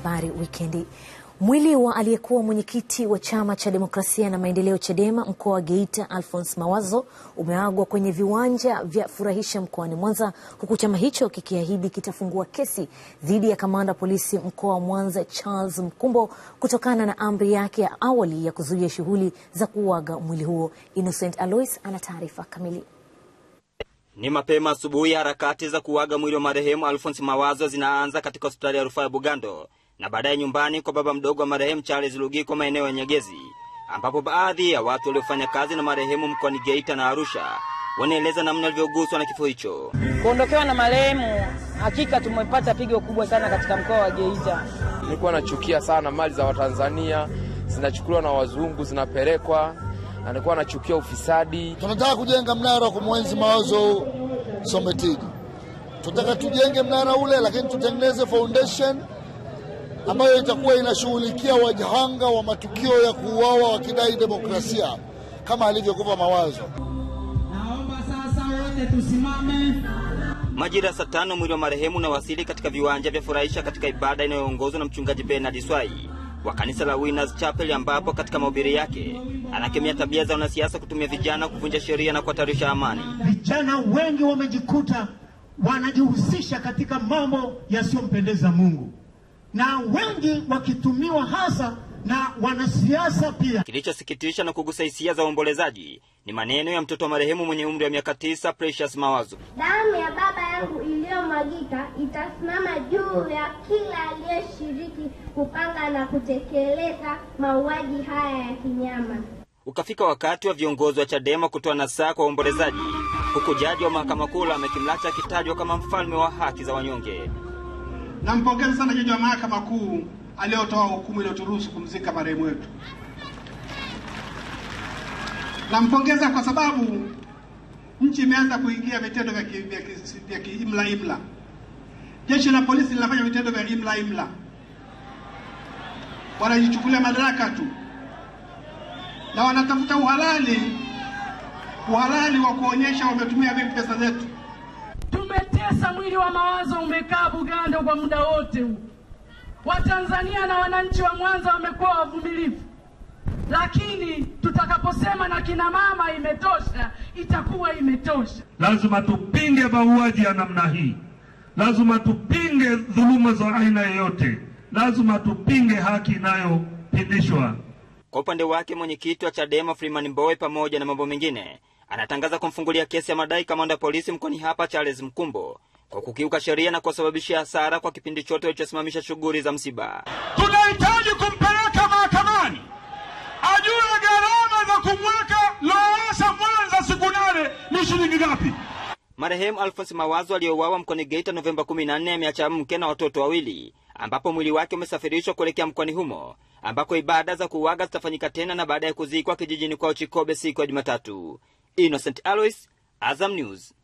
Habari Wikendi. Mwili wa aliyekuwa mwenyekiti wa chama cha demokrasia na maendeleo Chadema mkoa wa Geita, Alphonse Mawazo, umeagwa kwenye viwanja vya furahisha mkoani Mwanza, huku chama hicho kikiahidi kitafungua kesi dhidi ya kamanda polisi mkoa wa Mwanza Charles Mkumbo kutokana na amri yake ya awali ya kuzuia shughuli za kuuaga mwili huo. Innocent Alois ana taarifa kamili. Ni mapema asubuhi, harakati za kuuaga mwili wa marehemu Alphonse Mawazo zinaanza katika hospitali ya rufaa ya Bugando na baadaye nyumbani kwa baba mdogo wa marehemu Charles Lugiko maeneo ya Nyegezi, ambapo baadhi ya watu waliofanya kazi na marehemu mkoani Geita na Arusha wanaeleza namna walivyoguswa na kifo hicho. Kuondokewa na marehemu, hakika tumepata pigo kubwa sana katika mkoa wa Geita. Nilikuwa nachukia sana mali za Watanzania zinachukuliwa na wazungu zinapelekwa, na nilikuwa nachukia ufisadi. Tunataka kujenga mnara wa kumwenzi mawazo Sometiji, tunataka tujenge mnara ule, lakini tutengeneze foundation ambayo itakuwa inashughulikia wajahanga wa matukio ya kuuawa wakidai demokrasia kama alivyokupa mawazo. Naomba sasa wote tusimame. Majira ya saa tano mwili wa marehemu unawasili katika viwanja vya furahisha katika ibada inayoongozwa na mchungaji Bernard Swai wa kanisa la Winners Chapel ambapo katika mahubiri yake anakemea tabia za wanasiasa kutumia vijana kuvunja sheria na kuhatarisha amani. Vijana wengi wamejikuta wanajihusisha katika mambo yasiyompendeza Mungu na wengi wakitumiwa hasa na wanasiasa pia. Kilichosikitisha na kugusa hisia za uombolezaji ni maneno ya mtoto wa marehemu mwenye umri wa miaka tisa, Precious Mawazo. Damu ya baba yangu iliyomwagika itasimama juu ya kila aliyeshiriki kupanga na kutekeleza mauaji haya ya kinyama. Ukafika wakati wa viongozi wa Chadema kutoa nasaha kwa waombolezaji, huku jaji wa mahakama kuu Lameck Mlacha akitajwa kama mfalme wa haki za wanyonge. Nampongeza sana jaji wa mahakama kuu aliyotoa hukumu iliyoturuhusu kumzika marehemu wetu. Nampongeza kwa sababu nchi imeanza kuingia vitendo vya vya kiimla imla. Jeshi la polisi linafanya vitendo vya imla imla, wanajichukulia madaraka tu na wanatafuta uhalali, uhalali wa kuonyesha wametumia vipi pesa zetu. Tumetesa, mwili wa mawazo umekaa upendo kwa muda wote huu. Watanzania na wananchi wa Mwanza wamekuwa wavumilivu, lakini tutakaposema na kina mama imetosha, itakuwa imetosha. Lazima tupinge mauaji ya namna hii, lazima tupinge dhuluma za aina yoyote, lazima tupinge haki inayopindishwa. Kwa upande wake mwenyekiti wa Chadema Freeman Mbowe, pamoja na mambo mengine, anatangaza kumfungulia kesi ya madai kamanda polisi mkoani hapa Charles Mkumbo kwa kukiuka sheria na kuwasababishia hasara kwa kipindi chote walichosimamisha shughuli za msiba. Tunahitaji kumpeleka mahakamani ajue gharama za kumweka Lowassa Mwanza siku nane ni shilingi ngapi. Marehemu alfonsi Mawazo aliyeuawa mkoani Geita Novemba 14 ameacha mke na watoto wawili, ambapo mwili wake umesafirishwa kuelekea mkoani humo ambako ibada za kuuaga zitafanyika tena na baada ya kuzikwa kijijini kwao Chikobe siku ya Jumatatu. Innocent Alois, Azam News.